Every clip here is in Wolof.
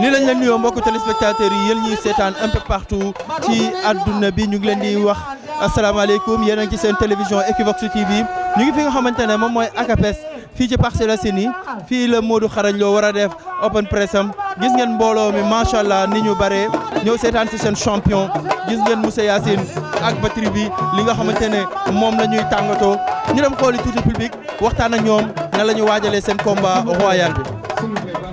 ni lañ leen nuyoo mbokku téléspectateurs yi yéen ñuy seetaan un peu partout ci adduna bi ñu ngi leen di wax asalaamaaleykum yéen a ci seen télévision ci TV ñu ngi fi nga xamante ne moom mooy ACAPES fii ci Parcelles Assainies fii la moodu Xarañ loo war a def open press am gis ngeen mbooloo mi macha allah ni ñu bare ñëw seetaan si seen champion gis ngeen Moussa Yacine ak batterie bi li nga xamante ne moom la ñuy tàngatoo ñu dem xooli tuuti public waxtaan ak ñoom. na la ñu waajalee seen combat royal bi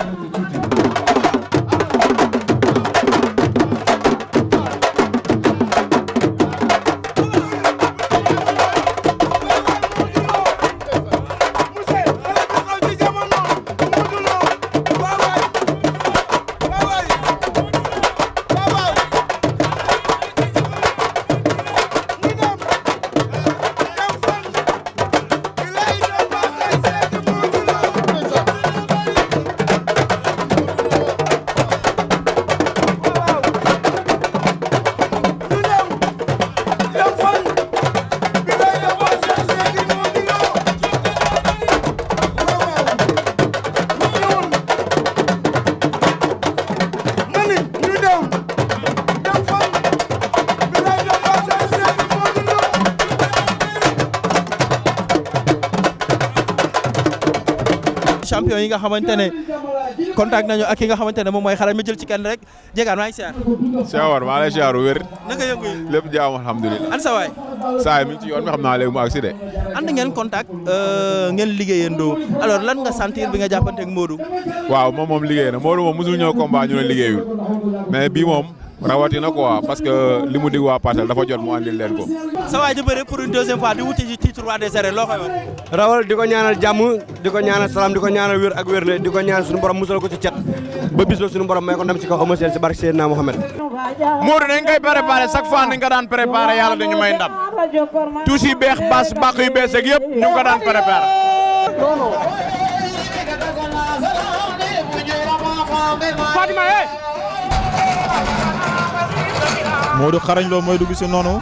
champion yi nga xamante ne contact nañu ak ki nga xamante ne moom mooy xaral mi jël ci kenn rek jegaan maa ngi siyaar. siyaar maa lay siyaar wér. naka yëngu yi lépp jaam alhamdulilah. an sa waay. saa yi mi ngi ci yoon mi xam naa léegi mu agsi de. ànd ngeen contact euh, ngeen liggéeyandoo alors lan nga sentir bi nga jàppanteeg Modou. waaw moom moom liggéey na Modou moom mosul ñëw combat ñu ne liggéeyul mais bii moom. rawatina quoi parce que li mu dig waa Parcelles dafa jot mu andil leen ko. sa waay di bëre pour une deuxième di wuti ci titre roi des arènes loo koy rawal di ko ñaanal jàmm di ko ñaanal salaam di ko ñaanal wér ak wér le di ko ñaanal suñu borom musal ko ci cat ba bis la may ko ndam ci kaw Eumeu Sène ci barke Seydina Mohamed. Modou dañ koy préparé chaque fois ni nga daan préparé yàlla dañu may ndam tuuti beex bas bàq yu bees ak yëpp ñu ko daan préparé. Modou xarañ loo mooy dugg si noonu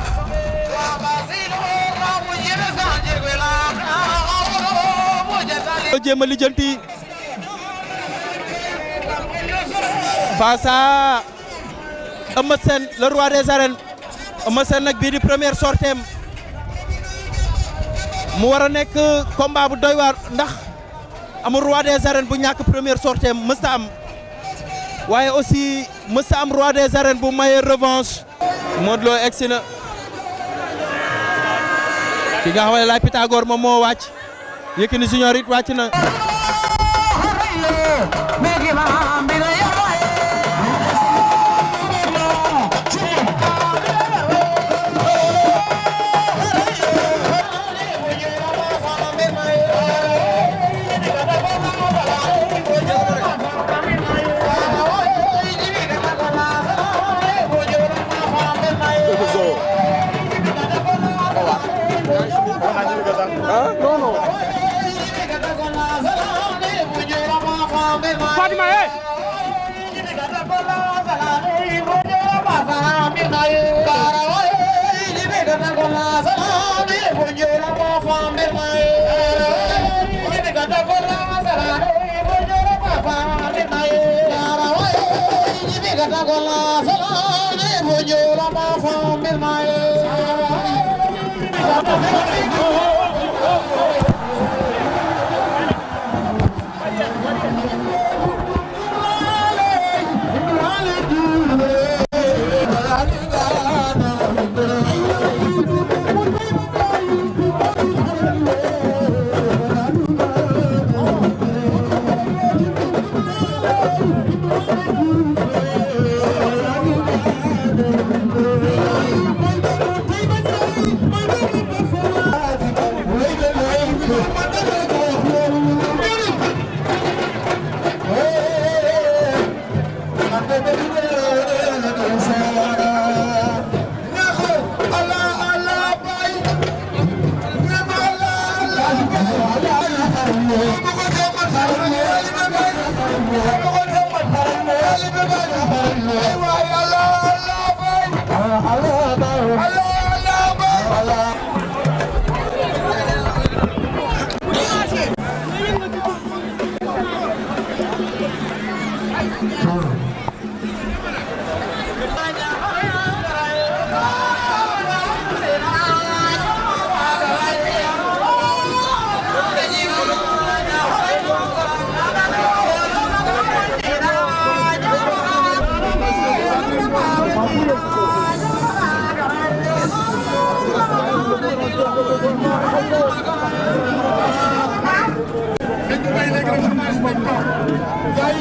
jéem a lijjanti face à Eumeu Sène roi des arènes Eumeu Sène nag bii di première sorteem mu war a nekk combat bu doy ndax am roi des arènes bu ñàkk première sorteem mësta am waaye aussi mësta am roi des arènes bu maye revanche Modou Lo egsi na ki nga xam ne laay Pythagore moom moo wàcc Yékini Junior it wàcc na ولا فلا عيب جورنا فمن معي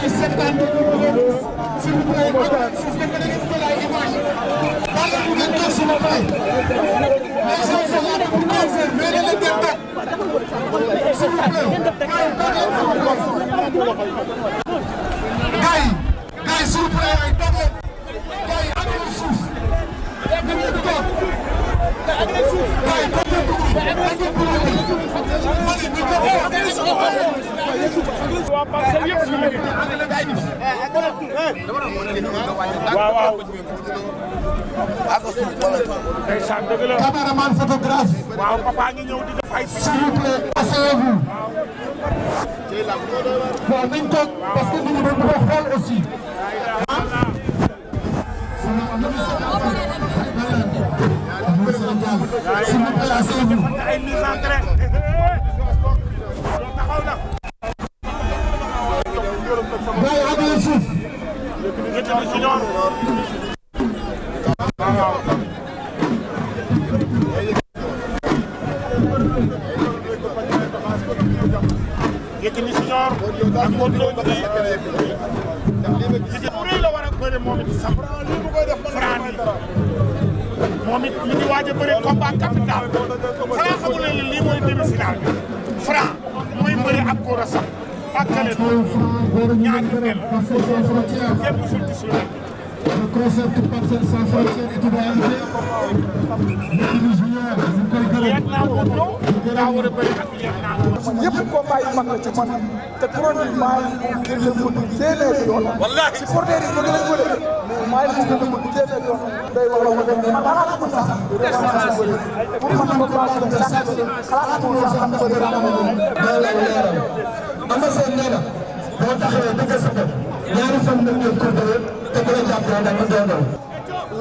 di seetaan di ñu bëgg a gis s'il vous plaît ak suuf ngeen mën a ngeen jël ay image wala bu ngeen toog sama baay les gens sont là pour concert mais dañ leen di teg s'il vous plaît ndeysaan dëgg la caméraman photographe. waaw papa ngi ñëw di def ay. s'il vous plaît lii la moom mi ngi waaj a bëri combat capital Franc xamul ne lii mooy demi final bi Franc mooy bëri ak góor a sax ak kale noonu ñaar ñu mel képp le concept parcelle sans frontières est une réalité Yékini Junior ñu koy gërëm yëpp combat yi mag la ci man te chroniquement ngir leen ko dund téeméeri yoon si porteur yi bëgg nañ ko def mais maa ngi bëgg ko téeméeri yoon day wax la ko def man xalaat ko sax pour man ko baax la sax xalaat ko sax am ko dara am ko leeral ambassadeur nee na boo taxawee dëgg sa bopp ñaari fan nga jël ko bëre te bu la jàppee da nga doon daw.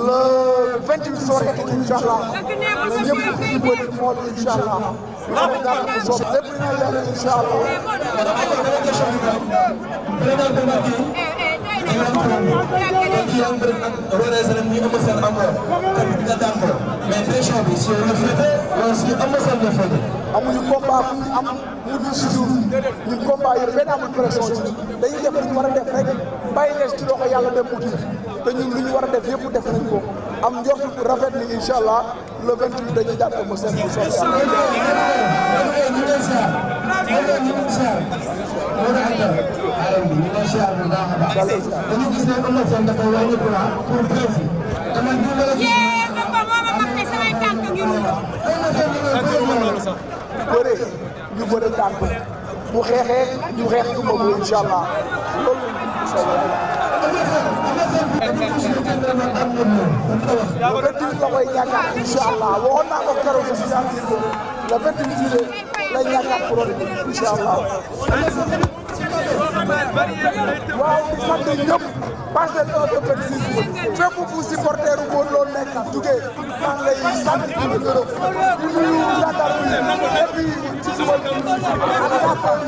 le 28 soo xeeti incha allah le ñëpp ku fi bëri mool incha allah loolu daal la ko soob lépp dina leer incha allah. qui ñu Eumeu Sène mais pression bi si le féete wala si Eumeu Sène le féete amuñu am mu dul si suuf ñun combat yëpp pression ci dañuy def lu ñu war a def rek bàyyi leen ci loxo yàlla dem uti te ñun lu ñu war a def yëpp def nañ ko am njort bu rafet ni incha allah le 28 dañuy jàpp Eumeu Sène bu soobee dañu gis ne ëllëg seen dafa wàññi courant pour prési te man jiw la yee ba ba ma mag ne samay tànk ngi ruudu bëre ñu bëre tànk bu xeexee ñu xeex ñu bëgg incha allah loolu incha allah le 28 la koy jàkkaar incha allah waxoon naa ko keroog si le 28 juillet lañ yaakaar projet bi incha allah. waaw di sant ñëpp parcelle un de vingt six fépp fu supporteru Modou Lo nekk jugee maa ngi lay sant di gërëm di nuyu yaakaar bi et puis ci suba bi